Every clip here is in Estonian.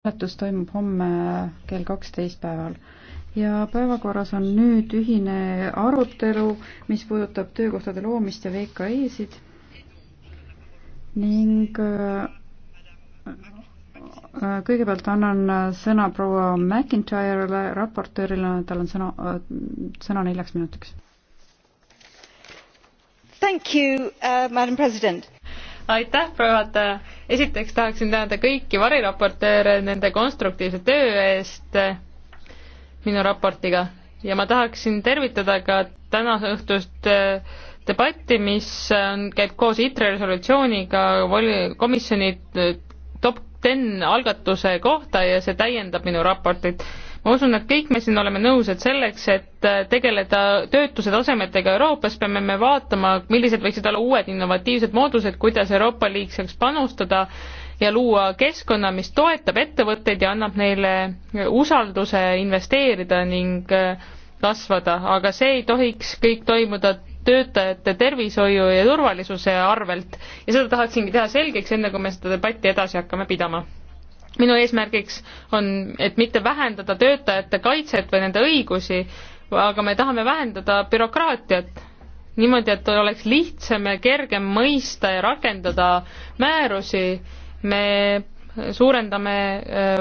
hääletus toimub homme kell kaksteist päeval ja päevakorras on nüüd ühine arutelu, mis puudutab töökohtade loomist ja VKE-sid ning äh, kõigepealt annan sõna proua McIntyre'le, raportöörile, tal on sõna, äh, sõna neljaks minutiks. Thank you uh,, madam president aitäh, proua juhataja. esiteks tahaksin tänada kõiki variraportööre nende konstruktiivse töö eest minu raportiga ja ma tahaksin tervitada ka tänaõhtust äh, debatti, mis on, käib koos ITRE resolutsiooniga voli-, komisjoni äh, top ten algatuse kohta ja see täiendab minu raportit ma usun, et kõik me siin oleme nõus, et selleks, et äh, tegeleda töötuse tasemetega Euroopas, peame me vaatama, millised võiksid olla uued innovatiivsed moodused, kuidas Euroopa Liit saaks panustada ja luua keskkonna, mis toetab ettevõtteid ja annab neile usalduse investeerida ning äh, kasvada, aga see ei tohiks kõik toimuda töötajate tervishoiu ja turvalisuse arvelt ja seda tahaksingi teha selgeks, enne kui me seda debatti edasi hakkame pidama minu eesmärgiks on, et mitte vähendada töötajate kaitset või nende õigusi, aga me tahame vähendada bürokraatiat niimoodi, et oleks lihtsam ja kergem mõista ja rakendada määrusi. me suurendame äh,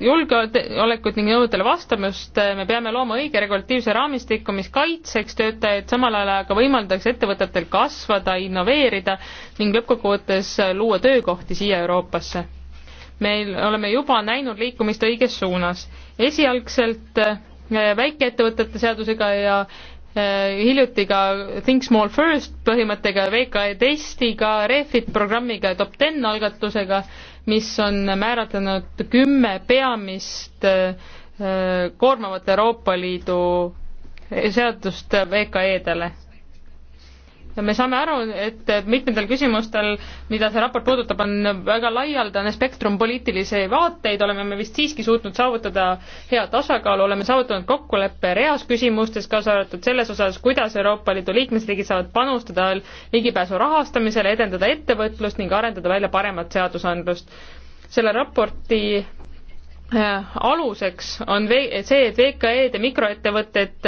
julgeolekut ning nõudele vastamist, me peame looma õige regulatiivse raamistiku, mis kaitseks töötajaid, samal ajal aga võimaldaks ettevõtetel kasvada, innoveerida ning lõppkokkuvõttes luua töökohti siia Euroopasse meil oleme juba näinud liikumist õiges suunas. esialgselt äh, väikeettevõtete seadusega ja äh, hiljuti ka Think Small First põhimõttega, VKE testiga, Refit programmiga ja Top Ten algatusega, mis on määratlenud kümme peamist äh, koormavat Euroopa Liidu seadust VKE-dele me saame aru, et mitmendal küsimustel, mida see raport puudutab, on väga laialdane spektrum poliitilisi vaateid, oleme me vist siiski suutnud saavutada hea tasakaalu, oleme saavutanud kokkuleppe reas küsimustes, kaasa arvatud selles osas, kuidas Euroopa Liidu liikmesriigid saavad panustada ligipääsu rahastamisele, edendada ettevõtlust ning arendada välja paremat seadusandlust. selle raporti äh, aluseks on see, et VKE-d ja mikroettevõtted et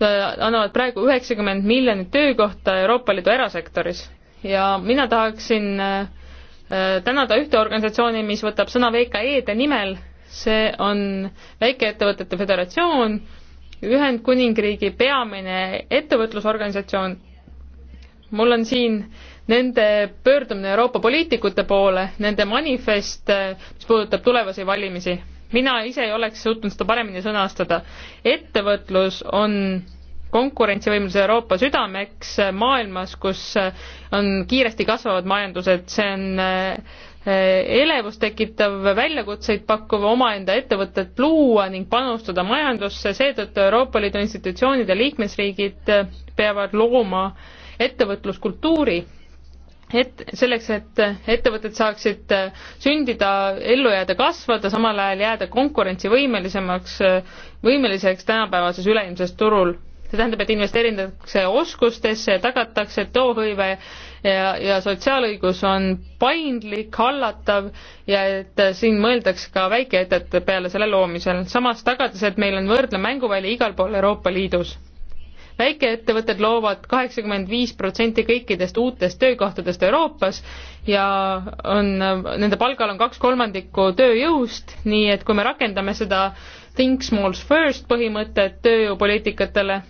Äh, annavad praegu üheksakümmend miljonit töökohta Euroopa Liidu erasektoris ja mina tahaksin äh, äh, tänada ühte organisatsiooni, mis võtab sõna VKE-de nimel, see on Väikeettevõtete Föderatsioon, Ühendkuningriigi peamine ettevõtlusorganisatsioon. mul on siin nende pöördumine Euroopa poliitikute poole, nende manifest, mis puudutab tulevasi valimisi mina ise ei oleks suutnud seda paremini sõnastada. ettevõtlus on konkurentsivõimelise Euroopa südameks maailmas, kus on kiiresti kasvavad majandused, see on eh, elevust tekitav, väljakutseid pakkuv omaenda ettevõtet luua ning panustada majandusse, seetõttu Euroopa Liidu institutsioonid ja liikmesriigid peavad looma ettevõtluskultuuri et selleks, et ettevõtted saaksid sündida, ellu jääda, kasvada, samal ajal jääda konkurentsivõimelisemaks, võimeliseks tänapäevases üleilmses turul. see tähendab, et investeeritakse oskustesse ja tagatakse, et toohõive ja, ja sotsiaalõigus on paindlik, hallatav ja et siin mõeldakse ka väikeettevõtete peale selle loomisel, samas tagades, et meil on võrdne mänguväli igal pool Euroopa Liidus väikeettevõtted loovad kaheksakümmend viis protsenti kõikidest uutest töökohtadest Euroopas ja on, nende palgal on kaks kolmandikku tööjõust, nii et kui me rakendame seda think small first põhimõtet tööjõupoliitikatele,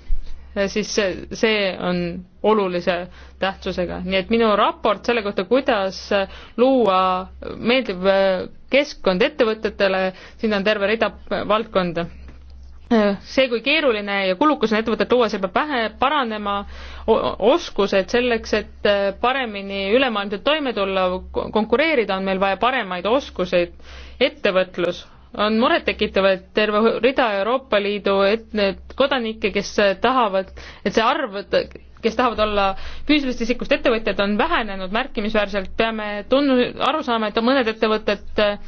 siis see on olulise tähtsusega. nii et minu raport selle kohta, kuidas luua meeldiv äh, keskkond ettevõtetele, siin on terve rida valdkonda see, kui keeruline ja kulukas on ettevõtet luua, see peab vähe paranema, oskused selleks, et äh, paremini ülemaailmselt toime tulla, konkureerida, on meil vaja paremaid oskuseid. ettevõtlus on murettekitav, et terve rida Euroopa Liidu et-, need kodanikke, kes tahavad, et see arv, kes tahavad olla füüsilisest isikust ettevõtjad, on vähenenud märkimisväärselt, peame tunnu-, aru saama, et mõned ettevõtted et äh,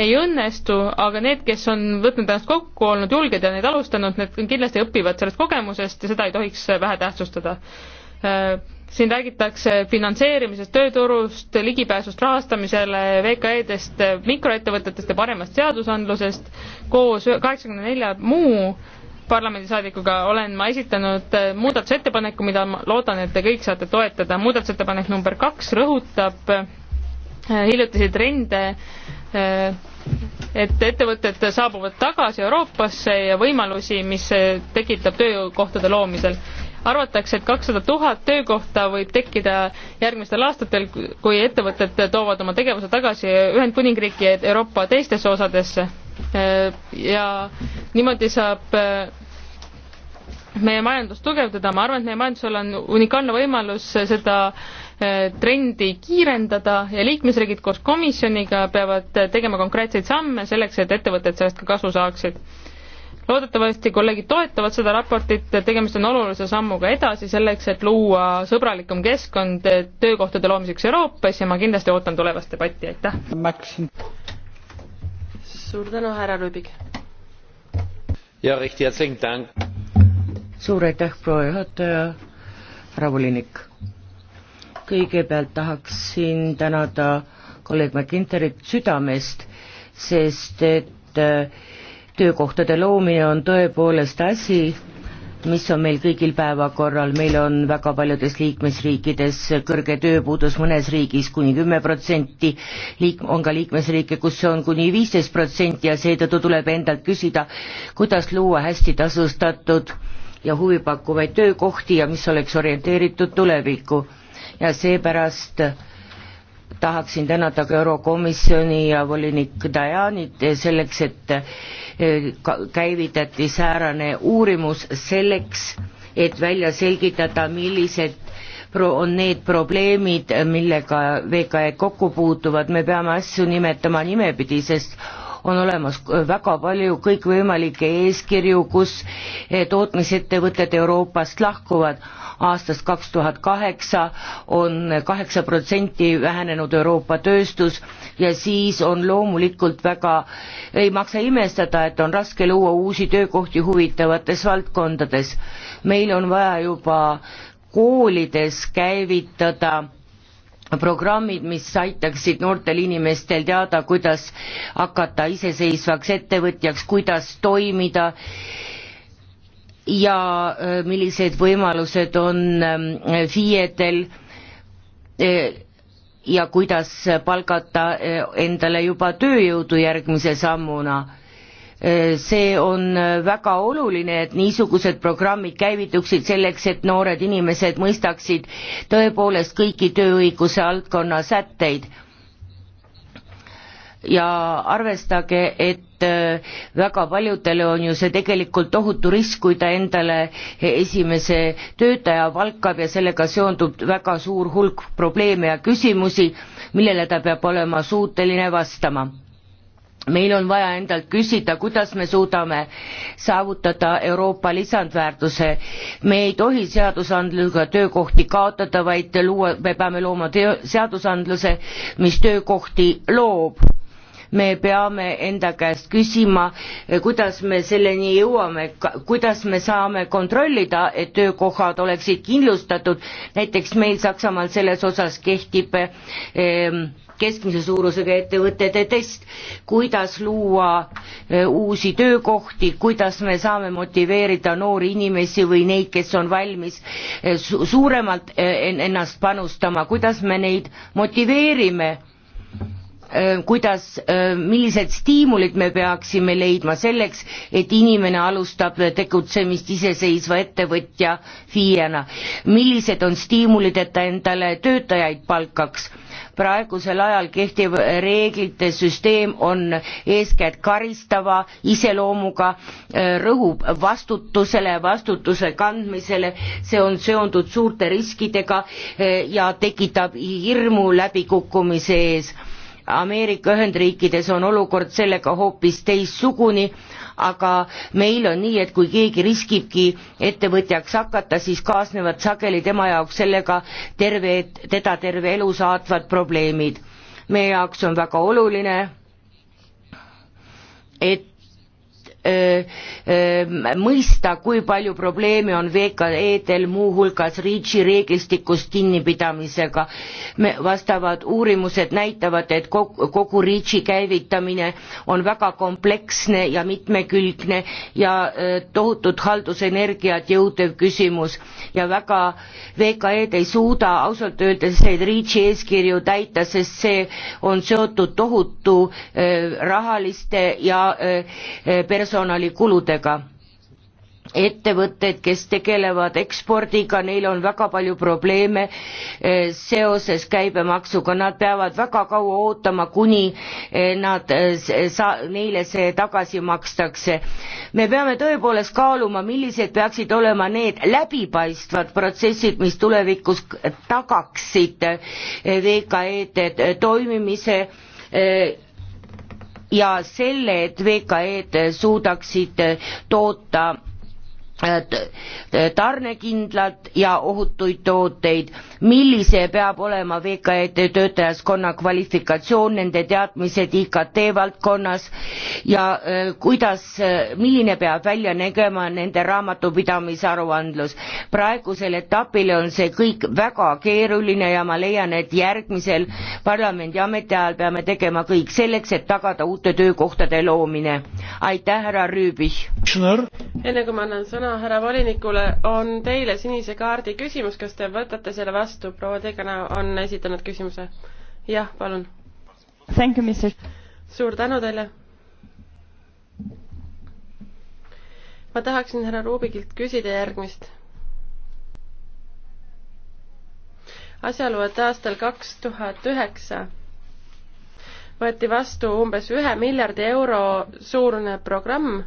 ei õnnestu, aga need, kes on võtnud ennast kokku, olnud julged ja neid alustanud, need kindlasti õpivad sellest kogemusest ja seda ei tohiks vähetähtsustada. Äh, siin räägitakse finantseerimisest, tööturust, ligipääsust rahastamisele, VKE-dest, mikroettevõtetest ja paremast seadusandlusest koos kaheksakümne nelja muu parlamendisaadikuga olen ma esitanud äh, muudatusettepaneku, mida ma loodan, et te kõik saate toetada. muudatusettepanek number kaks rõhutab äh, hiljutisi trende et ettevõtted saabuvad tagasi Euroopasse ja võimalusi, mis tekitab töökohtade loomisel. arvatakse, et kakssada tuhat töökohta võib tekkida järgmistel aastatel, kui ettevõtted toovad oma tegevuse tagasi Ühendkuningriiki ja Euroopa teistesse osadesse. ja niimoodi saab meie majandust tugevdada, ma arvan, et meie majandusel on unikaalne võimalus seda äh, Äh, trendi kiirendada ja liikmesriigid koos komisjoniga peavad äh, tegema konkreetseid samme selleks, et ettevõtted sellest ka kasu saaksid. loodetavasti kolleegid toetavad seda raportit, tegemist on olulise sammuga edasi selleks, et luua sõbralikum keskkond äh, töökohtade loomiseks Euroopas ja ma kindlasti ootan tulevast debatti, aitäh! suur tänu, härra Rüübik! ja recht herzlichen Dank! suur aitäh, proua juhataja, härra volinik! kõigepealt tahaksin tänada kolleeg McInterit südamest, sest et äh, töökohtade loomine on tõepoolest asi, mis on meil kõigil päevakorral, meil on väga paljudes liikmesriikides kõrge tööpuudus, mõnes riigis kuni kümme protsenti, liik-, on ka liikmesriike, kus see on kuni viisteist protsenti ja seetõttu tuleb endalt küsida, kuidas luua hästi tasustatud ja huvipakkuvaid töökohti ja mis oleks orienteeritud tulevikku ja seepärast tahaksin tänada ka Eurokomisjoni ja volinik Dajanit selleks, et e, käivitati säärane uurimus selleks, et välja selgitada, millised pro-, on need probleemid, millega VKE kokku puutuvad, me peame asju nimetama nimepidi, sest on olemas väga palju kõikvõimalikke eeskirju, kus eh, tootmisettevõtted Euroopast lahkuvad. aastast kaks tuhat kaheksa on kaheksa protsenti vähenenud Euroopa tööstus ja siis on loomulikult väga, ei maksa imestada, et on raske luua uusi töökohti huvitavates valdkondades. meil on vaja juba koolides käivitada programmid, mis aitaksid noortel inimestel teada, kuidas hakata iseseisvaks ettevõtjaks, kuidas toimida ja äh, millised võimalused on ähm, FIE-del äh, ja kuidas palgata äh, endale juba tööjõudu järgmise sammuna Äh, see on äh, väga oluline, et niisugused programmid käivituksid selleks, et noored inimesed mõistaksid tõepoolest kõiki tööõiguse valdkonna sätteid. ja arvestage, et äh, väga paljudele on ju see tegelikult tohutu risk, kui ta endale esimese töötaja palkab ja sellega seondub väga suur hulk probleeme ja küsimusi, millele ta peab olema suuteline vastama meil on vaja endalt küsida, kuidas me suudame saavutada Euroopa lisandväärtuse. me ei tohi seadusandlusega töökohti kaotada, vaid luua, me peame looma teo-, seadusandluse, mis töökohti loob me peame enda käest küsima, kuidas me selleni jõuame, kuidas me saame kontrollida, et töökohad oleksid kindlustatud, näiteks meil Saksamaal selles osas kehtib ehm, keskmise suurusega ettevõtete test, kuidas luua eh, uusi töökohti, kuidas me saame motiveerida noori inimesi või neid, kes on valmis eh, suuremalt eh, ennast panustama, kuidas me neid motiveerime Äh, kuidas, äh, millised stiimulid me peaksime leidma selleks, et inimene alustab tegutsemist iseseisva ettevõtja FIE-na. millised on stiimulid, et ta endale töötajaid palkaks? praegusel ajal kehtiv reeglite süsteem on eeskätt karistava iseloomuga, äh, rõhub vastutusele, vastutuse kandmisele, see on seondud suurte riskidega ja tekitab hirmu läbikukkumise ees Ameerika Ühendriikides on olukord sellega hoopis teistsugune, aga meil on nii, et kui keegi riskibki ettevõtjaks hakata, siis kaasnevad sageli tema jaoks sellega terve, teda terve elu saatvad probleemid. meie jaoks on väga oluline, et Äh, äh, mõista, kui palju probleeme on VKE-del muuhulgas REACH-i reeglistikust kinnipidamisega. me, vastavad uurimused näitavad, et kogu, kogu REACH-i käivitamine on väga kompleksne ja mitmekülgne ja äh, tohutut haldusenergiat jõudev küsimus ja väga VKE-d ei suuda ausalt öeldes neid REACH-i eeskirju täita, sest see on seotud tohutu rahaliste ja personaalsete personalikuludega. ettevõtted, kes tegelevad ekspordiga, neil on väga palju probleeme eh, seoses käibemaksuga, nad peavad väga kaua ootama, kuni eh, nad eh, sa-, neile see tagasi makstakse. me peame tõepoolest kaaluma, millised peaksid olema need läbipaistvad protsessid, mis tulevikus tagaksid VKE-de toimimise ja selle, et VKE-d suudaksid toota tarnekindlat ja ohutuid tooteid, millise peab olema VKET töötajaskonna kvalifikatsioon, nende teadmised IKT valdkonnas ja e, kuidas, e, milline peab välja nägema nende raamatupidamise aruandlus. praegusel etapil on see kõik väga keeruline ja ma leian, et järgmisel parlamendi ametiajal peame tegema kõik selleks, et tagada uute töökohtade loomine. aitäh, härra Rüübich! enne kui ma annan sõna sõna härra volinikule, on teile sinise kaardi küsimus, kas te võtate selle vastu, proua Tegana on esitanud küsimuse. jah, palun. suur tänu teile. ma tahaksin härra Rubikilt küsida järgmist asjaolu, et aastal kaks tuhat üheksa võeti vastu umbes ühe miljardi euro suurune programm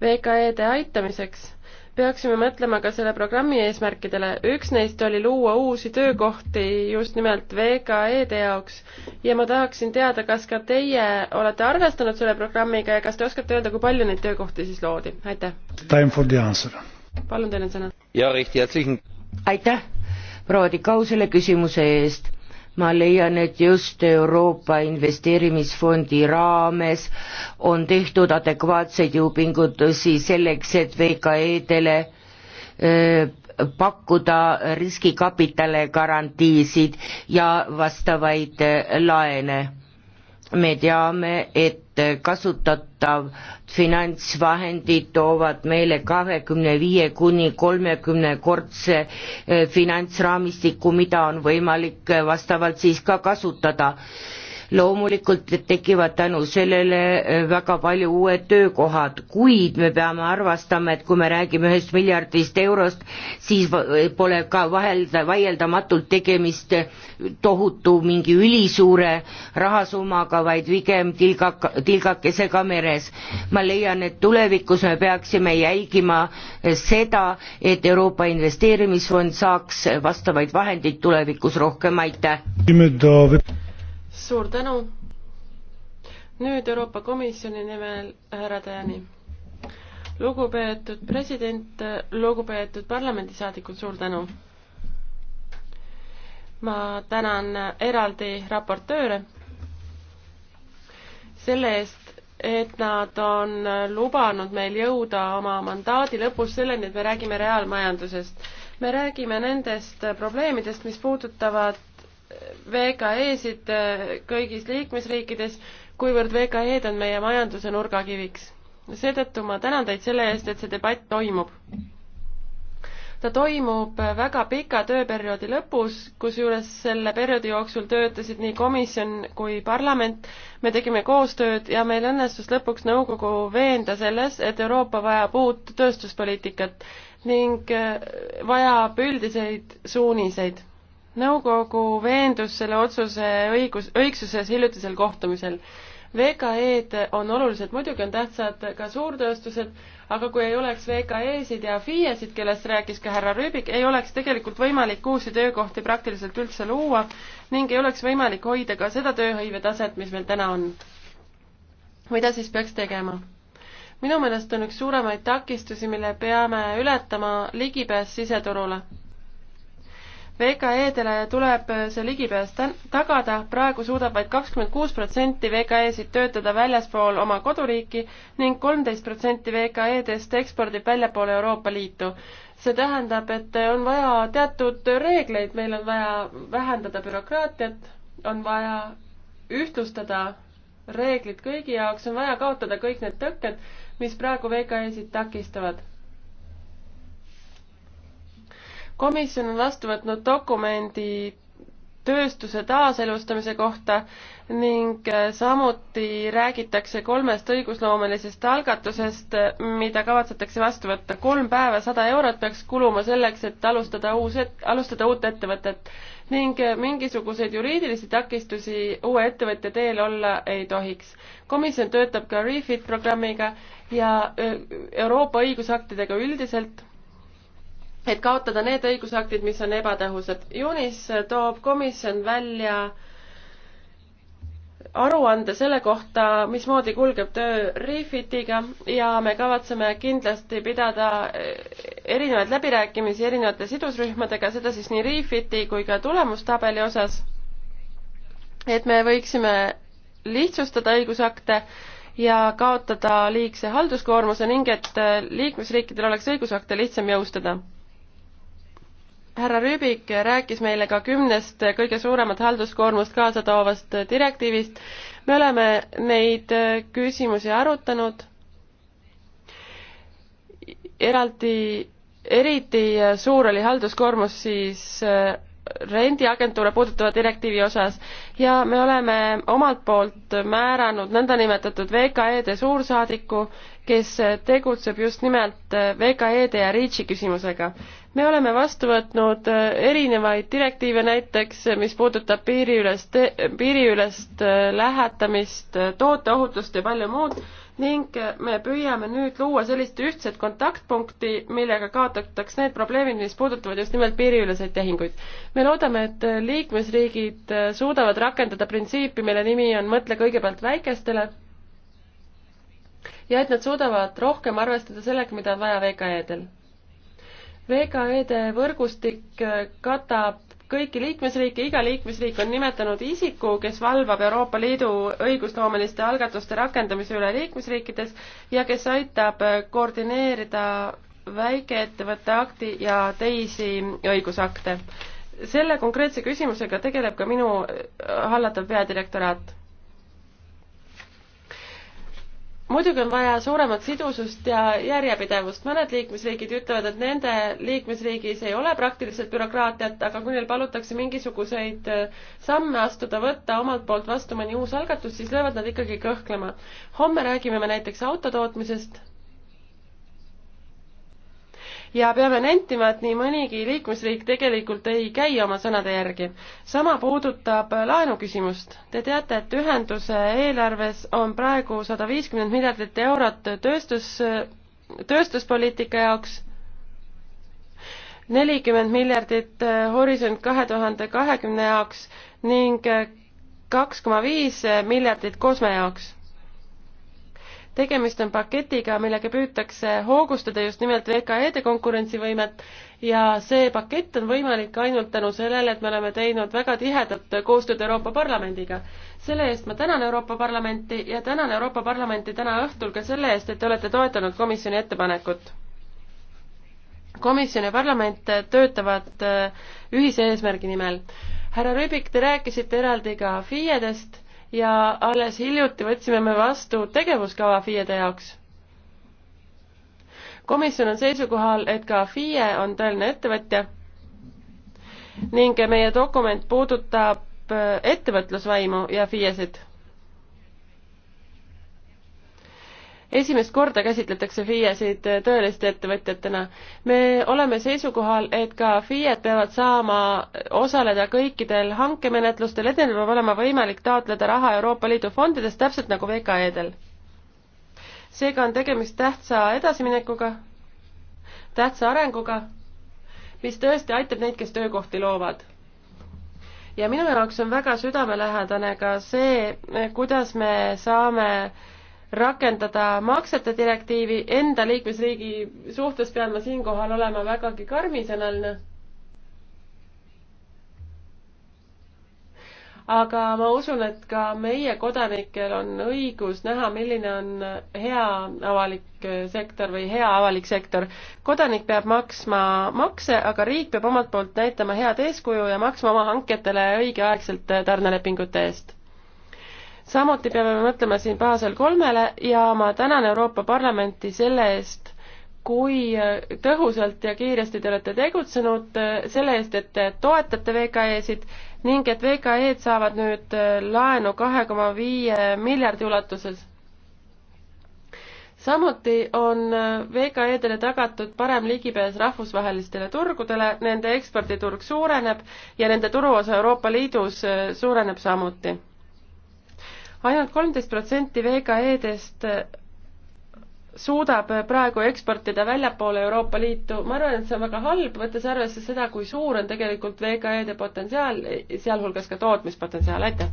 VKE-de aitamiseks peaksime mõtlema ka selle programmi eesmärkidele. üks neist oli luua uusi töökohti just nimelt VKE-de jaoks ja ma tahaksin teada, kas ka teie olete arvestanud selle programmiga ja kas te oskate öelda, kui palju neid töökohti siis loodi? aitäh! palun, teil on sõna. aitäh proua Dikausele küsimuse eest ma leian, et just Euroopa Investeerimisfondi raames on tehtud adekvaatseid jõupingutusi selleks, et VKE-dele äh, pakkuda riskikapitale garantiisid ja vastavaid äh, laene me teame, et kasutatav finantsvahendid toovad meile kahekümne viie kuni kolmekümnekordse eh, finantsraamistiku, mida on võimalik eh, vastavalt siis ka kasutada loomulikult tekivad tänu sellele eh, väga palju uued töökohad, kuid me peame arvestama, et kui me räägime ühest miljardist eurost, siis pole ka vahelda, vaieldamatult tegemist eh, tohutu mingi ülisuure rahasummaga, vaid pigem tilgaka, tilgakesega meres. ma leian, et tulevikus me peaksime jälgima eh, seda, et Euroopa Investeerimisfond saaks vastavaid vahendeid tulevikus rohkem, aitäh! suur tänu. nüüd Euroopa Komisjoni nimel härra Tajani. lugupeetud president, lugupeetud parlamendisaadikud, suur tänu. ma tänan eraldi raportööre selle eest, et nad on lubanud meil jõuda oma mandaadi lõpus selleni, et me räägime reaalmajandusest. me räägime nendest probleemidest, mis puudutavad VKE-sid äh, kõigis liikmesriikides, kuivõrd VKE-d on meie majanduse nurgakiviks. seetõttu ma tänan teid selle eest, et see debatt toimub. ta toimub väga pika tööperioodi lõpus, kusjuures selle perioodi jooksul töötasid nii komisjon kui parlament, me tegime koostööd ja meil õnnestus lõpuks nõukogu veenda selles, et Euroopa vajab uut tööstuspoliitikat ning äh, vajab üldiseid suuniseid nõukogu veendus selle otsuse õigus, õigsuses hiljutisel kohtumisel. VKE-d on olulised, muidugi on tähtsad ka suurtööstused, aga kui ei oleks VKE-sid ja FIE-sid, kellest rääkis ka härra Rüübik, ei oleks tegelikult võimalik uusi töökohti praktiliselt üldse luua ning ei oleks võimalik hoida ka seda tööhõive taset, mis meil täna on. mida siis peaks tegema? minu meelest on üks suuremaid takistusi, mille peame ületama, ligipääs siseturule VKE-dele tuleb see ligipääs tagada, praegu suudab vaid kakskümmend kuus protsenti VKE-sid töötada väljaspool oma koduriiki ning kolmteist protsenti VKE-dest ekspordib väljapoole Euroopa Liitu. see tähendab, et on vaja teatud reegleid, meil on vaja vähendada bürokraatiat, on vaja ühtlustada reeglid kõigi jaoks, on vaja kaotada kõik need tõkked, mis praegu VKE-sid takistavad komisjon on vastu võtnud dokumendi tööstuse taaselustamise kohta ning äh, samuti räägitakse kolmest õigusloomelisest algatusest, mida kavatsetakse vastu võtta. kolm päeva, sada eurot peaks kuluma selleks, et alustada uus, alustada uut ettevõtet ning äh, mingisuguseid juriidilisi takistusi uue ettevõtja teel olla ei tohiks. komisjon töötab ka Refit programmiga ja äh, Euroopa õigusaktidega üldiselt et kaotada need õigusaktid, mis on ebatõhusad. juunis toob komisjon välja aruande selle kohta, mismoodi kulgeb töö Refitiga ja me kavatseme kindlasti pidada erinevaid läbirääkimisi erinevate sidusrühmadega, seda siis nii Refiti kui ka tulemustabeli osas, et me võiksime lihtsustada õigusakte ja kaotada liigse halduskoormuse ning et liikmesriikidel oleks õigusakte lihtsam jõustada härra Rüübik rääkis meile ka kümnest kõige suuremat halduskoormust kaasa toovast direktiivist. me oleme neid küsimusi arutanud eraldi, eriti suur oli halduskoormus siis rendiagentuure puudutava direktiivi osas ja me oleme omalt poolt määranud nõndanimetatud VKE-de suursaadiku, kes tegutseb just nimelt VKE-de ja REACH-i küsimusega. me oleme vastu võtnud erinevaid direktiive näiteks, mis puudutab piiriülest, piiriülest lähetamist, tooteohutust ja palju muud ning me püüame nüüd luua sellist ühtset kontaktpunkti, millega kaotataks need probleemid, mis puudutavad just nimelt piiriüleseid tehinguid. me loodame, et liikmesriigid äh, suudavad rakendada printsiipi, mille nimi on mõtle kõigepealt väikestele ja et nad suudavad rohkem arvestada sellega, mida on vaja VKE-del. VKE-de võrgustik äh, katab kõiki liikmesriike, iga liikmesriik on nimetanud isiku, kes valvab Euroopa Liidu õigusloomeliste algatuste rakendamise üle liikmesriikides ja kes aitab koordineerida väikeettevõtte akti ja teisi õigusakte. selle konkreetse küsimusega tegeleb ka minu hallatav peadirektoraat muidugi on vaja suuremat sidusust ja järjepidevust. mõned liikmesriigid ütlevad, et nende liikmesriigis ei ole praktiliselt bürokraatiat, aga kui neil palutakse mingisuguseid äh, samme astuda, võtta omalt poolt vastu mõni uus algatus, siis löövad nad ikkagi kõhklema. homme räägime me näiteks autotootmisest ja peame nentima, et nii mõnigi liikmesriik tegelikult ei käi oma sõnade järgi. sama puudutab laenuküsimust. Te teate, et ühenduse eelarves on praegu sada viiskümmend miljardit eurot tööstus, tööstuspoliitika jaoks nelikümmend miljardit Horisont kahe tuhande kahekümne jaoks ning kaks koma viis miljardit Kosme jaoks tegemist on paketiga, millega püütakse hoogustada just nimelt VKE-de konkurentsivõimet ja see pakett on võimalik ainult tänu sellele, et me oleme teinud väga tihedat koostööd Euroopa Parlamendiga. selle eest ma tänan Euroopa Parlamenti ja tänan Euroopa Parlamenti täna õhtul ka selle eest, et te olete toetanud komisjoni ettepanekut. komisjon ja parlament töötavad äh, ühise eesmärgi nimel. härra Rüübik, te rääkisite eraldi ka FIE-dest ja alles hiljuti võtsime me vastu tegevuskava FIE-de jaoks. komisjon on seisukohal, et ka FIE on tõeline ettevõtja ning meie dokument puudutab äh, ettevõtlusvaimu ja FIE-sid esimest korda käsitletakse FIE-sid tõeliste ettevõtjatena. me oleme seisukohal, et ka FIE-d peavad saama osaleda kõikidel hankemenetlustel, et neil peab olema võimalik taotleda raha Euroopa Liidu fondidest, täpselt nagu VKE-del. seega on tegemist tähtsa edasiminekuga, tähtsa arenguga, mis tõesti aitab neid, kes töökohti loovad ja minu jaoks on väga südamelähedane ka see, kuidas me saame äh, rakendada maksete direktiivi enda liikmesriigi suhtes, pean ma siinkohal olema vägagi karmisõnaline. aga ma usun, et ka meie kodanikel on õigus näha, milline on hea avalik sektor või hea avalik sektor. kodanik peab maksma makse, aga riik peab omalt poolt näitama head eeskuju ja maksma oma hanketele õigeaegselt tarnelepingute eest samuti peame mõtlema siin Basel kolmele ja ma tänan Euroopa Parlamenti selle eest, kui tõhusalt ja kiiresti te olete tegutsenud eh, selle eest, et te toetate VKE-sid ning et VKE-d saavad nüüd eh, laenu kahe koma viie miljardi ulatuses. samuti on eh, VKE-dele tagatud parem ligipääs rahvusvahelistele turgudele, nende eksporditurg suureneb ja nende turuosa Euroopa Liidus suureneb samuti ainult kolmteist protsenti VKE-dest suudab praegu eksportida väljapoole Euroopa Liitu, ma arvan, et see on väga halb, võttes arvesse seda, kui suur on tegelikult VKE-de potentsiaal, sealhulgas ka tootmispotentsiaal, aitäh!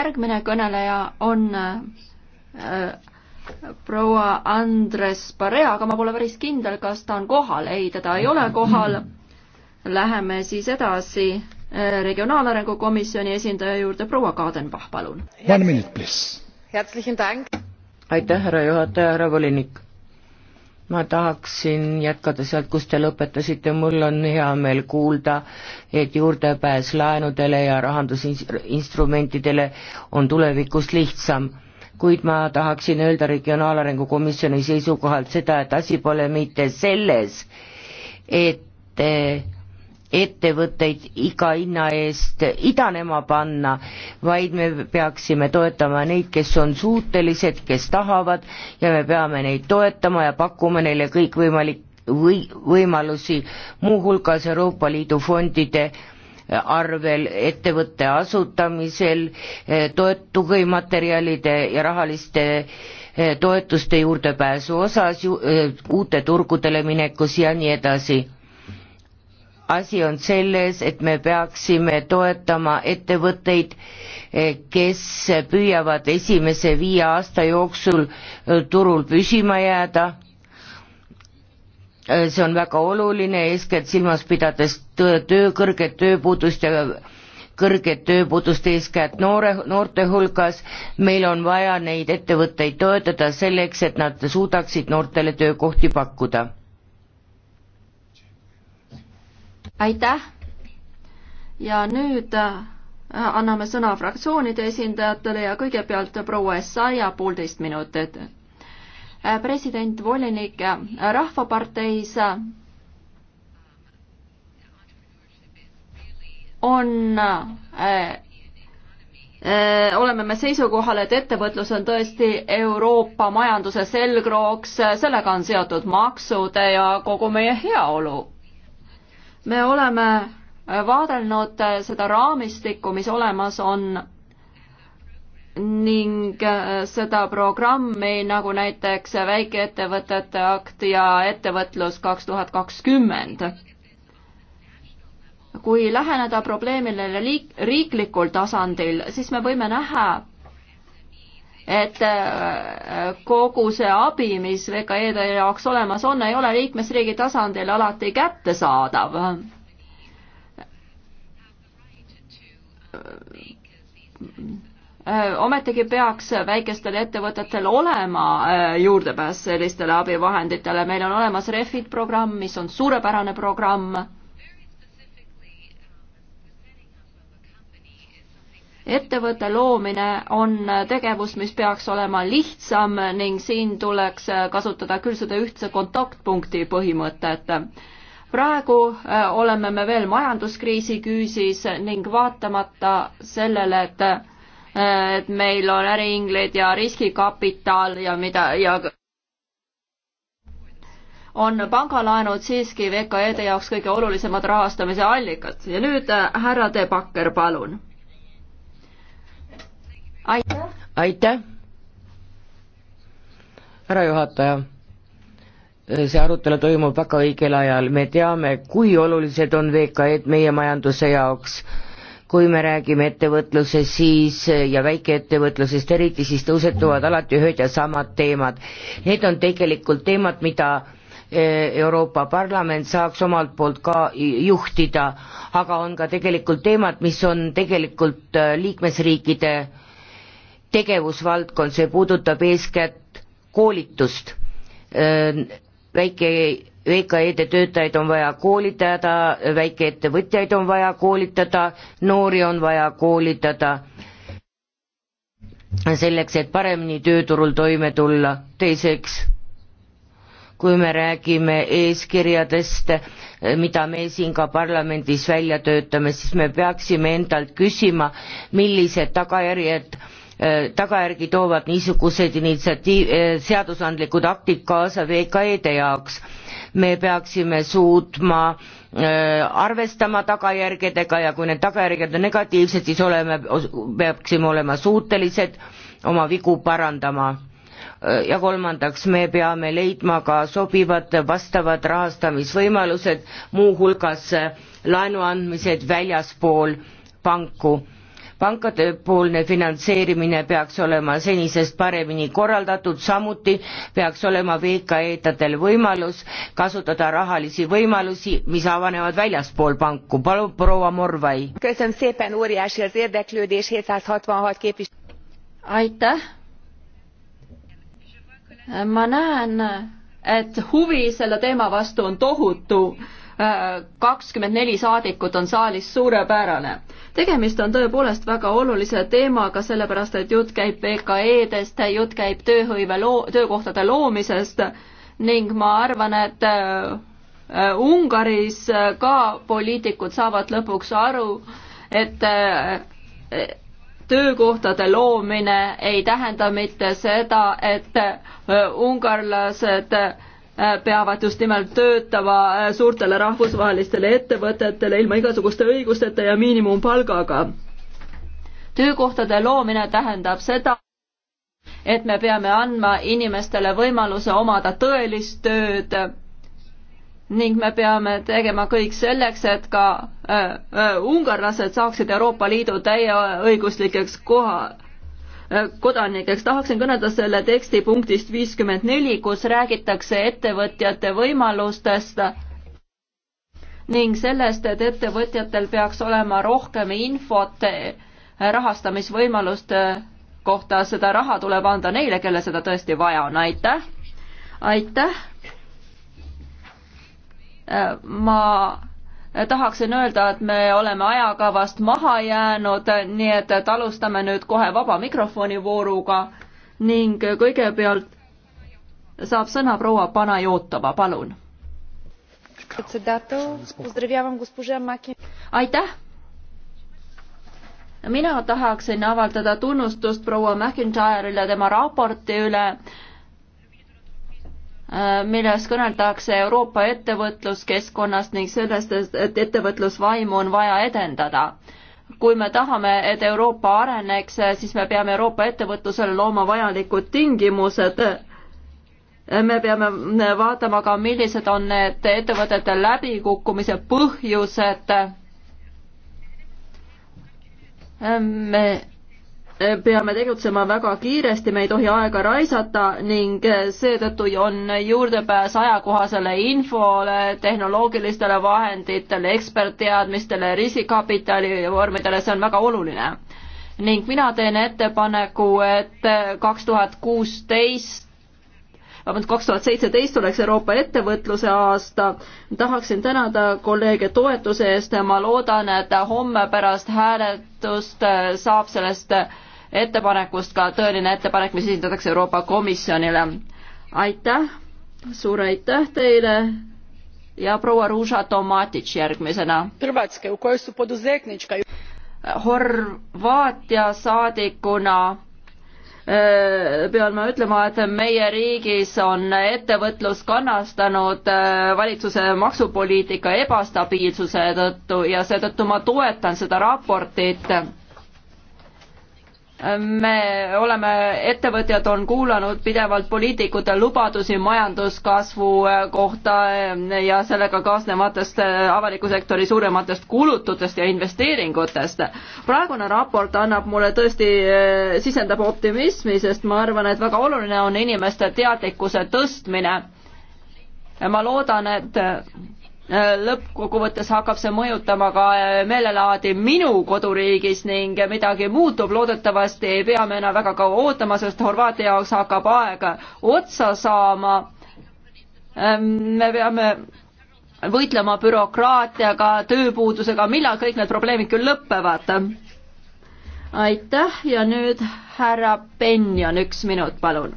järgmine kõneleja on äh, proua Andres Parea, aga ma pole päris kindel, kas ta on kohal, ei, teda ei ole kohal. Läheme siis edasi Äh, regionaalarengu komisjoni esindaja juurde, proua Kadenbach, palun. One minute, please. aitäh, härra juhataja, härra volinik. ma tahaksin jätkada sealt, kus te lõpetasite, mul on hea meel kuulda, et juurdepääs laenudele ja rahandusinstrumentidele on tulevikus lihtsam kuid ma tahaksin öelda Regionaalarengu Komisjoni seisukohalt seda, et asi pole mitte selles, et eh, ettevõtteid iga hinna eest idanema panna, vaid me peaksime toetama neid, kes on suutelised, kes tahavad ja me peame neid toetama ja pakkuma neile kõikvõimalik- või võimalusi, muuhulgas Euroopa Liidu fondide arvel ettevõtte asutamisel, eh, toet-, tugimaterjalide ja rahaliste eh, toetuste juurdepääsu osas, eh, uute turgudele minekus ja nii edasi asi on selles, et me peaksime toetama ettevõtteid, eh, kes püüavad esimese viie aasta jooksul eh, turul püsima jääda. Eh, see on väga oluline, eeskätt silmas pidades töö, töö, kõrget tööpuudust ja kõrget tööpuudust eeskätt noore, noorte hulgas. meil on vaja neid ettevõtteid toetada selleks, et nad suudaksid noortele töökohti pakkuda aitäh. ja nüüd äh, anname sõna fraktsioonide esindajatele ja kõigepealt proua Essaia poolteist minutit. Äh, president, volinik, äh, Rahvaparteis on äh, oleme me seisukohal, et ettevõtlus on tõesti Euroopa majanduse selgrooks, sellega on seotud maksud ja kogu meie heaolu me oleme äh, vaadelnud äh, seda raamistikku, mis olemas on ning äh, seda programmi nagu näiteks Väikeettevõtete akt ja Ettevõtlus kaks tuhat kakskümmend. kui läheneda probleemile riik, riiklikul tasandil, siis me võime näha, et äh, kogu see abi, mis VKE-de jaoks olemas on, ei ole liikmesriigi tasandil alati kättesaadav. Äh, ometigi peaks väikestel ettevõtetel olema äh, juurdepääs sellistele abivahenditele, meil on olemas Refit programm, mis on suurepärane programm ettevõtte loomine on tegevus, mis peaks olema lihtsam ning siin tuleks kasutada küll seda ühtse kontaktpunkti põhimõtet. praegu äh, oleme me veel majanduskriisi küüsis ning vaatamata sellele, et äh, et meil on äriinglid ja riskikapital ja mida ja on pangalaenud siiski VKE-de jaoks kõige olulisemad rahastamise allikad ja nüüd äh, härra De Bakker, palun aitäh, aitäh., härra juhataja see arutelu toimub väga õigel ajal, me teame, kui olulised on VKE-d meie majanduse jaoks. kui me räägime ettevõtlusest siis ja väikeettevõtlusest eriti, siis tõusetuvad alati ühed ja samad teemad. Need on tegelikult teemad, mida e, Euroopa Parlament saaks omalt poolt ka juhtida, aga on ka tegelikult teemad, mis on tegelikult e, liikmesriikide äh, tegevusvaldkond, see puudutab eeskätt koolitust. Äh, väike, VKE-de töötajaid on vaja koolitada, väikeettevõtjaid on vaja koolitada, noori on vaja koolitada, selleks, et paremini tööturul toime tulla. teiseks, kui me räägime eeskirjadest, mida me siin ka parlamendis välja töötame, siis me peaksime endalt küsima, millised tagajärjed äh, Äh, tagajärgi toovad niisugused initsiatiiv, äh, seadusandlikud aktid kaasa VKE-de jaoks. me peaksime suutma äh, arvestama tagajärgedega ja kui need tagajärged on negatiivsed, siis oleme, peaksime olema suutelised oma vigu parandama ja kolmandaks, me peame leidma ka sobivad vastavad rahastamisvõimalused, muuhulgas laenu andmised väljaspool panku pankade poolne finantseerimine peaks olema senisest paremini korraldatud, samuti peaks olema VKE-tadel võimalus kasutada rahalisi võimalusi, mis avanevad väljaspool panku. palun, proua Morvai. aitäh. ma näen, et huvi selle teema vastu on tohutu kakskümmend neli saadikut on saalis, suurepärane. tegemist on tõepoolest väga olulise teemaga, sellepärast et jutt käib VKE-dest, jutt käib tööhõive loo-, töökohtade loomisest ning ma arvan, et äh, Ungaris äh, ka poliitikud saavad lõpuks aru, et äh, töökohtade loomine ei tähenda mitte seda, et ungarlased Äh, peavad just nimelt töötama äh, suurtele rahvusvahelistele ettevõtetele ilma igasuguste õigusteta ja miinimumpalgaga. töökohtade loomine tähendab seda, et me peame andma inimestele võimaluse omada tõelist tööd ning me peame tegema kõik selleks, et ka äh, äh, ungarlased saaksid Euroopa Liidu täieõiguslikeks koha, Äh, kodanikeks. tahaksin kõneleda selle teksti punktist viiskümmend neli, kus räägitakse ettevõtjate võimalustest ning sellest, et ettevõtjatel peaks olema rohkem infot äh, rahastamisvõimaluste kohta, seda raha tuleb anda neile, kellel seda tõesti vaja on, aitäh. aitäh. Äh, ma tahaksin öelda, et me oleme ajakavast maha jäänud, nii et, et alustame nüüd kohe vaba mikrofoni vooruga ning kõigepealt saab sõna proua Panajotova, palun. aitäh. mina tahaksin avaldada tunnustust proua McIntyre'ile tema raporti üle Äh, milles kõneldakse Euroopa ettevõtluskeskkonnast ning sellest, et ettevõtlusvaimu on vaja edendada. kui me tahame, et Euroopa areneks, äh, siis me peame Euroopa ettevõtlusele looma vajalikud tingimused. Äh, me peame vaatama ka, millised on need ettevõtete läbikukkumise põhjused. me peame tegutsema väga kiiresti, me ei tohi aega raisata ning seetõttu on juurdepääs ajakohasele infole, tehnoloogilistele vahenditele, ekspertteadmistele, riskikapitali vormidele, see on väga oluline. ning mina teen ettepaneku, et kaks tuhat kuusteist vabandust, kaks tuhat seitseteist oleks Euroopa ettevõtluse aasta. tahaksin tänada kolleege toetuse eest ja ma loodan, et homme pärast hääletust saab sellest äh, ettepanekust, ka tõeline ettepanek, mis esitatakse Euroopa Komisjonile. aitäh, suur aitäh teile ja proua Ruža Tomatic järgmisena. Horvaatia saadikuna eh, pean ma ütlema, et meie riigis on ettevõtlus kannastanud eh, valitsuse maksupoliitika ebastabiilsuse tõttu ja seetõttu ma toetan seda raportit me oleme, ettevõtjad on kuulanud pidevalt poliitikute lubadusi majanduskasvu äh, kohta äh, ja sellega kaasnevatest äh, avaliku sektori suurematest kulutustest ja investeeringutest. praegune raport annab mulle tõesti, sisendab optimismi, sest ma arvan, et väga oluline on inimeste teadlikkuse tõstmine. ma loodan, et Äh, lõppkokkuvõttes hakkab see mõjutama ka äh, meelelaadi minu koduriigis ning midagi muutub, loodetavasti ei pea me enam väga kaua ootama, sest Horvaatia jaoks hakkab aeg otsa saama. Ähm, me peame võitlema bürokraatiaga, tööpuudusega, millal kõik need probleemid küll lõpevad? aitäh ja nüüd härra Penjon, üks minut, palun.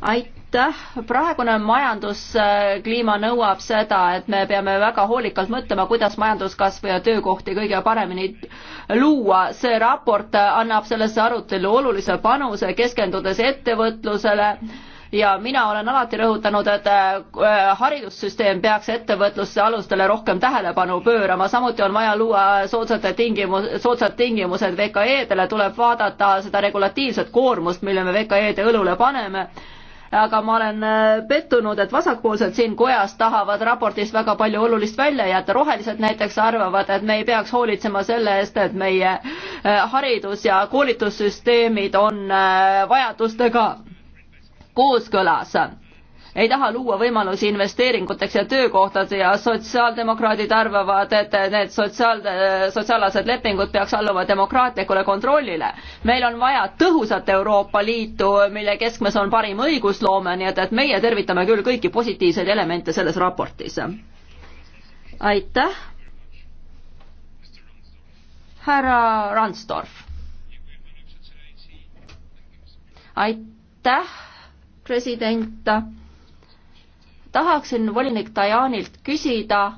aitäh aitäh, praegune majanduskliima nõuab seda, et me peame väga hoolikalt mõtlema, kuidas majanduskasvu ja töökohti kõige paremini luua. see raport annab sellesse arutellu olulise panuse, keskendudes ettevõtlusele ja mina olen alati rõhutanud, et äh, haridussüsteem peaks ettevõtluse alustele rohkem tähelepanu pöörama, samuti on vaja luua soodsate tingimus, soodsad tingimused VKE-dele, tuleb vaadata seda regulatiivset koormust, mille me VKE-de õlule paneme aga ma olen äh, pettunud, et vasakpoolsed siin kojas tahavad raportist väga palju olulist välja jätta, rohelised näiteks arvavad, et me ei peaks hoolitsema selle eest, et meie äh, haridus- ja koolitussüsteemid on äh, vajadustega kooskõlas ei taha luua võimalusi investeeringuteks ja töökohtade ja sotsiaaldemokraadid arvavad, et need sotsiaal, sotsiaalased lepingud peaks alluma demokraatlikule kontrollile. meil on vaja tõhusat Euroopa Liitu, mille keskmes on parim õigusloome, nii et, et meie tervitame küll kõiki positiivseid elemente selles raportis. aitäh. härra Randstorf. aitäh, president tahaksin volinik Dajanilt küsida,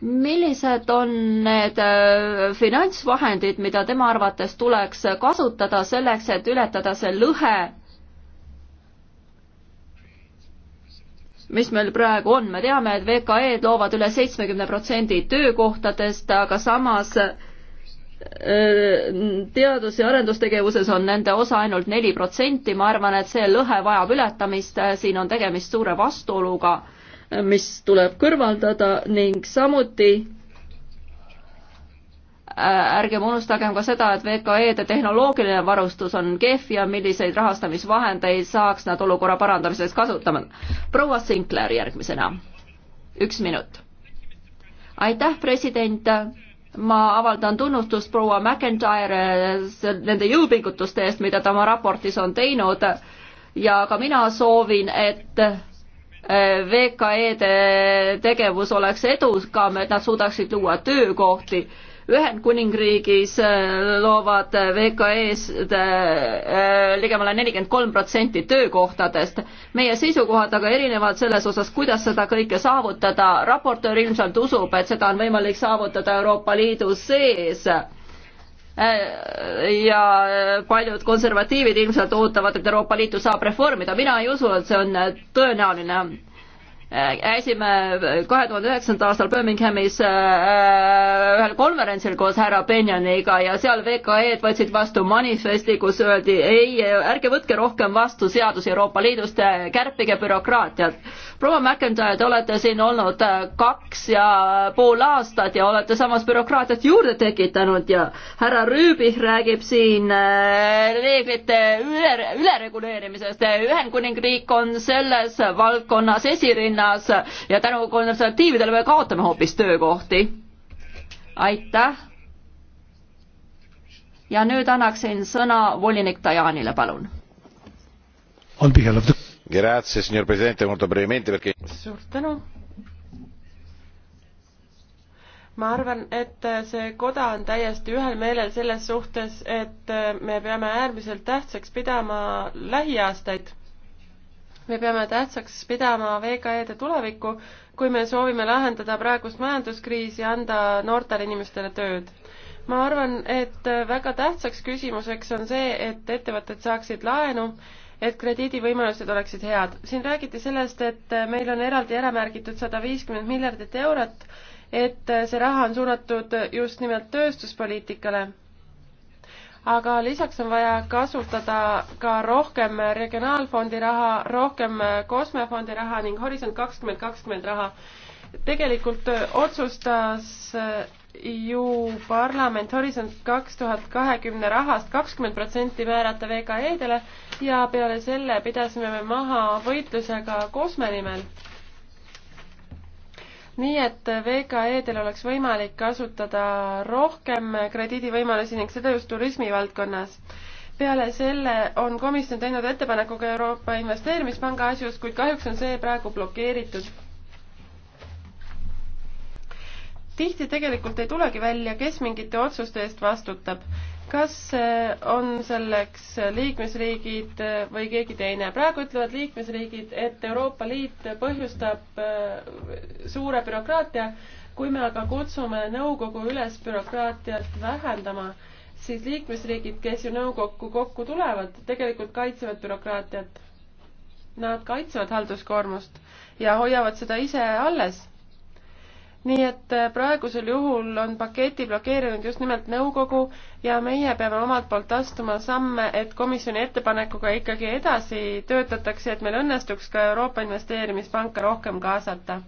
millised on need äh, finantsvahendid, mida tema arvates tuleks kasutada selleks, et ületada see lõhe, mis meil praegu on, me teame, et VKE-d loovad üle seitsmekümne protsendi töökohtadest, aga samas teadus- ja arendustegevuses on nende osa ainult neli protsenti, ma arvan, et see lõhe vajab ületamist, siin on tegemist suure vastuoluga, mis tuleb kõrvaldada ning samuti äh, ärgem unustagem ka seda, et VKE-de tehnoloogiline varustus on kehv ja milliseid rahastamisvahendeid saaks nad olukorra parandamiseks kasutama. proua Sinkler järgmisena. üks minut. aitäh, president ma avaldan tunnustust proua McIntyre nende jõupingutuste eest, mida ta oma raportis on teinud ja ka mina soovin, et eh, VKE-de tegevus oleks edukam, et nad suudaksid luua töökohti Ühendkuningriigis äh, loovad äh, VKE-st äh, ligemale nelikümmend kolm protsenti töökohtadest. meie seisukohad aga erinevad selles osas, kuidas seda kõike saavutada. raportöör ilmselt usub, et seda on võimalik saavutada Euroopa Liidu sees ja paljud konservatiivid ilmselt ootavad, et Euroopa Liitu saab reformida, mina ei usu, et see on tõenäoline Äh, käisime kahe tuhande üheksandal aastal Birminghamis äh, äh, ühel konverentsil koos härra Benjaniga ja seal VKE-d võtsid vastu manifesti, kus öeldi ei, ärge võtke rohkem vastu seadusi Euroopa Liidust, kärpige bürokraatiat proua McIntyre, te olete siin olnud äh, kaks ja pool aastat ja olete samas bürokraatiat juurde tekitanud ja härra Rüübich räägib siin äh, reeglite üle, ülereguleerimisest. Ühendkuningriik on selles valdkonnas esirinnas ja tänu konservatiividele me kaotame hoopis töökohti. aitäh. ja nüüd annaksin sõna volinik Dajanile, palun. on behalf of the Grazie, signor presidente molto brevemente perché. suur tänu ma arvan et see koda on täiesti ühel meelel selles suhtes et me peame äärmiselt tähtsaks pidama lähiaastaid me peame tähtsaks pidama VKE-de tulevikku kui me soovime lahendada praegust majanduskriisi ja anda noortele inimestele tööd ma arvan et väga tähtsaks küsimuseks on see et ettevõtted saaksid laenu et krediidivõimalused oleksid head. siin räägiti sellest, et meil on eraldi ära märgitud sada viiskümmend miljardit eurot, et see raha on suunatud just nimelt tööstuspoliitikale aga lisaks on vaja kasutada ka rohkem regionaalfondi raha, rohkem kosmefondi raha ning Horisont kakskümmend kakskümmend raha. tegelikult otsustas ju parlament Horisont kaks tuhat kahekümne rahast kakskümmend protsenti määrata VKE-dele ja peale selle pidasime me maha võitlusega kosme nimel nii et VKE-del oleks võimalik kasutada rohkem krediidivõimalusi ning seda just turismivaldkonnas peale selle on komisjon teinud ettepaneku ka Euroopa Investeerimispanga asjus, kuid kahjuks on see praegu blokeeritud. tihti tegelikult ei tulegi välja, kes mingite otsuste eest vastutab kas eh, on selleks liikmesriigid eh, või keegi teine. praegu ütlevad liikmesriigid, et Euroopa Liit põhjustab eh, suure bürokraatia. kui me aga kutsume nõukogu üles bürokraatiat vähendama, siis liikmesriigid, kes ju nõukokku kokku tulevad, tegelikult kaitsevad bürokraatiat. Nad kaitsevad halduskoormust ja hoiavad seda ise alles nii et äh, praegusel juhul on paketi blokeerinud just nimelt nõukogu ja meie peame omalt poolt astuma samme, et komisjoni ettepanekuga ikkagi edasi töötatakse, et meil õnnestuks ka Euroopa Investeerimispanka rohkem kaasata.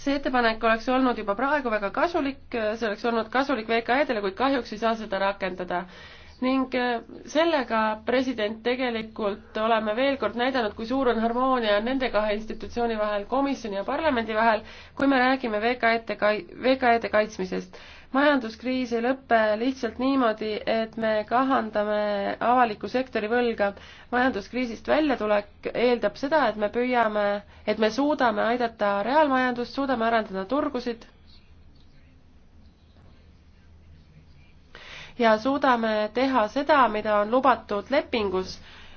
see ettepanek oleks olnud juba praegu väga kasulik, äh, see oleks olnud kasulik VKE-dele, kuid kahjuks ei saa seda rakendada ning äh, sellega, president, tegelikult oleme veel kord näidanud, kui suur on harmoonia nende kahe institutsiooni vahel, komisjoni ja parlamendi vahel, kui me räägime VKE-de kai-, VKE-de kaitsmisest. majanduskriis ei lõpe lihtsalt niimoodi, et me kahandame avaliku sektori võlga. majanduskriisist väljatulek eeldab seda, et me püüame, et me suudame aidata reaalmajandust, suudame arendada turgusid ja suudame teha seda, mida on lubatud lepingus,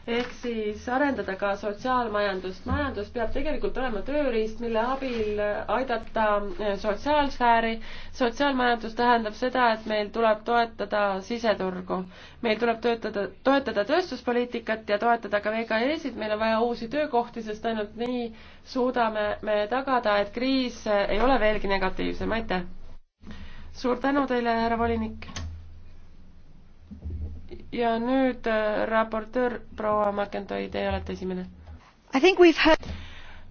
ehk siis arendada ka sotsiaalmajandust. majandus peab tegelikult olema tööriist, mille abil aidata eh, sotsiaalsfääri. sotsiaalmajandus tähendab seda, et meil tuleb toetada siseturgu. meil tuleb töötada, toetada tööstuspoliitikat ja toetada ka VKE-sid, meil on vaja uusi töökohti, sest ainult nii suudame me tagada, et kriis eh, ei ole veelgi negatiivsem. aitäh! suur tänu teile, härra volinik! ja nüüd äh, raportöör proua Markentoi, teie olete esimene.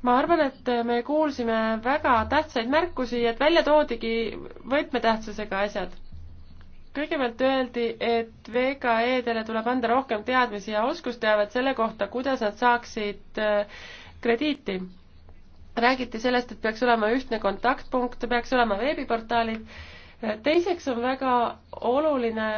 ma arvan, et äh, me kuulsime väga tähtsaid märkusi, et välja toodigi võtmetähtsusega asjad. kõigepealt öeldi, et VKE-dele tuleb anda rohkem teadmisi ja oskusteavet selle kohta, kuidas nad saaksid äh, krediiti räägiti sellest, et peaks olema ühtne kontaktpunkt, peaks olema veebiportaalid. teiseks on väga oluline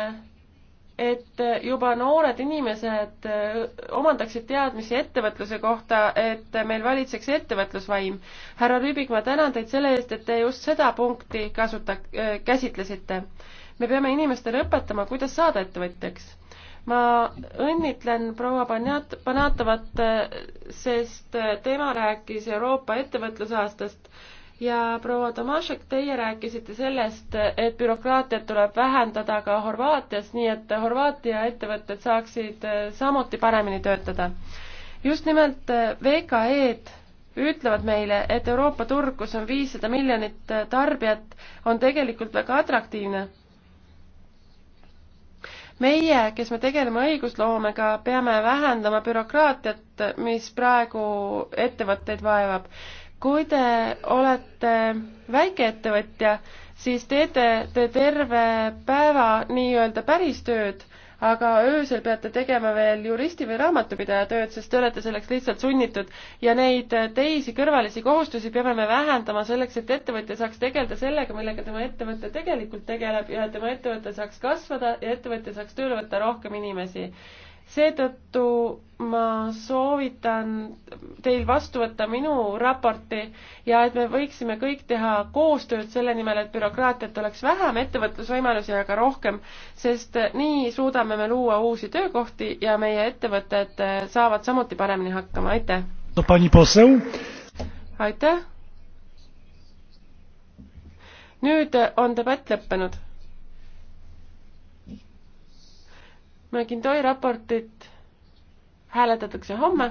et juba noored inimesed äh, omandaksid teadmisi ettevõtluse kohta, et meil valitseks ettevõtlusvaim. härra Rüübik, ma tänan teid selle eest, et te just seda punkti kasuta-, äh, käsitlesite. me peame inimestele õpetama, kuidas saada ettevõtjaks ma õnnitlen proua Banat-, Banatovat, äh, sest tema rääkis Euroopa ettevõtlusaastast ja proua Tomašek, teie rääkisite sellest, et bürokraatiat tuleb vähendada ka Horvaatias, nii et Horvaatia ettevõtted saaksid eh, samuti paremini töötada. just nimelt eh, VKE-d ütlevad meile, et Euroopa turg, kus on viissada miljonit eh, tarbijat, on tegelikult väga atraktiivne. meie, kes me tegeleme õigusloomega, peame vähendama bürokraatiat, mis praegu ettevõtteid vaevab kui te olete väikeettevõtja, siis teete te terve päeva nii-öelda päris tööd, aga öösel peate tegema veel juristi või raamatupidaja tööd, sest te olete selleks lihtsalt sunnitud ja neid teisi kõrvalisi kohustusi peame me vähendama selleks, et ettevõtja saaks tegeleda sellega, millega tema ettevõte tegelikult tegeleb ja tema ettevõte saaks kasvada ja ettevõtja saaks tööle võtta rohkem inimesi seetõttu ma soovitan teil vastu võtta minu raporti ja et me võiksime kõik teha koostööd selle nimel, et bürokraatiat oleks vähem, ettevõtlusvõimalusi aga rohkem, sest nii suudame me luua uusi töökohti ja meie ettevõtted saavad samuti paremini hakkama, aitäh! aitäh! nüüd on debatt lõppenud. McIntoy raportit hääletatakse homme.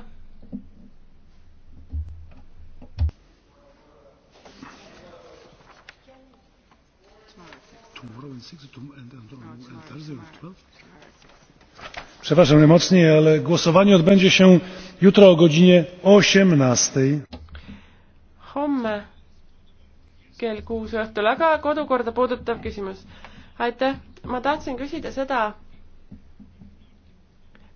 Przepraszam najmocniej, ale głosowanie odbędzie się jutro o godzinie 18. Homme kell kuus õhtul, aga kodukorda puudutav küsimus. aitäh, ma tahtsin küsida seda,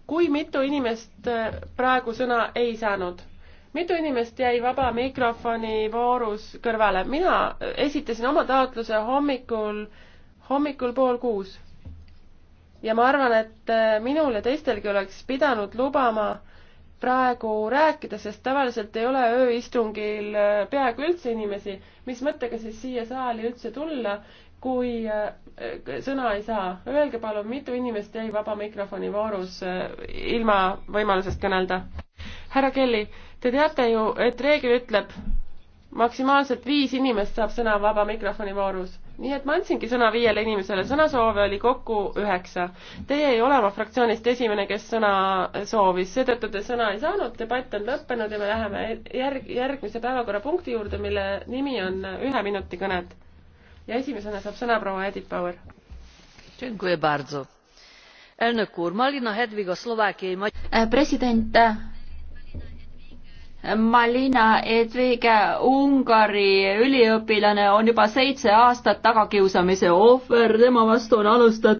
kui mitu inimest äh, praegu sõna ei saanud? mitu inimest jäi vaba mikrofoni voorus kõrvale? mina äh, esitasin oma taotluse hommikul, hommikul pool kuus. ja ma arvan, et äh, minul ja teistelgi oleks pidanud lubama praegu rääkida, sest tavaliselt ei ole ööistungil peaaegu üldse inimesi, mis mõttega siis siia saali üldse tulla kui äh, sõna ei saa, öelge palun, mitu inimest jäi vaba mikrofoni voorus äh, ilma võimalusest kõnelda? härra Kelly, te teate ju, et reegel ütleb, maksimaalselt viis inimest saab sõna vaba mikrofoni voorus. nii et ma andsingi sõna viiele inimesele, sõnasoove oli kokku üheksa. Teie ei ole oma fraktsioonist esimene, kes sõna soovis, seetõttu te sõna ei saanud, debatt on lõppenud ja me läheme järg, järgmise päevakorrapunkti juurde, mille nimi on ühe minuti kõned ja esimesena saab sõna proua Edith Bauer. Äh, president, äh, Malina Edvig, äh, Ungari üliõpilane, on juba seitse aastat tagakiusamise ohver, tema vastu on alustatud